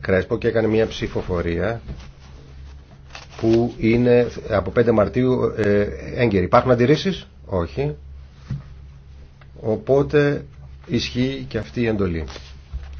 Κρέσπο και έκανε μια ψηφοφορία που είναι από 5 Μαρτίου ε, έγκαιρη. Υπάρχουν αντιρρήσει, όχι. Οπότε ισχύει και αυτή η εντολή.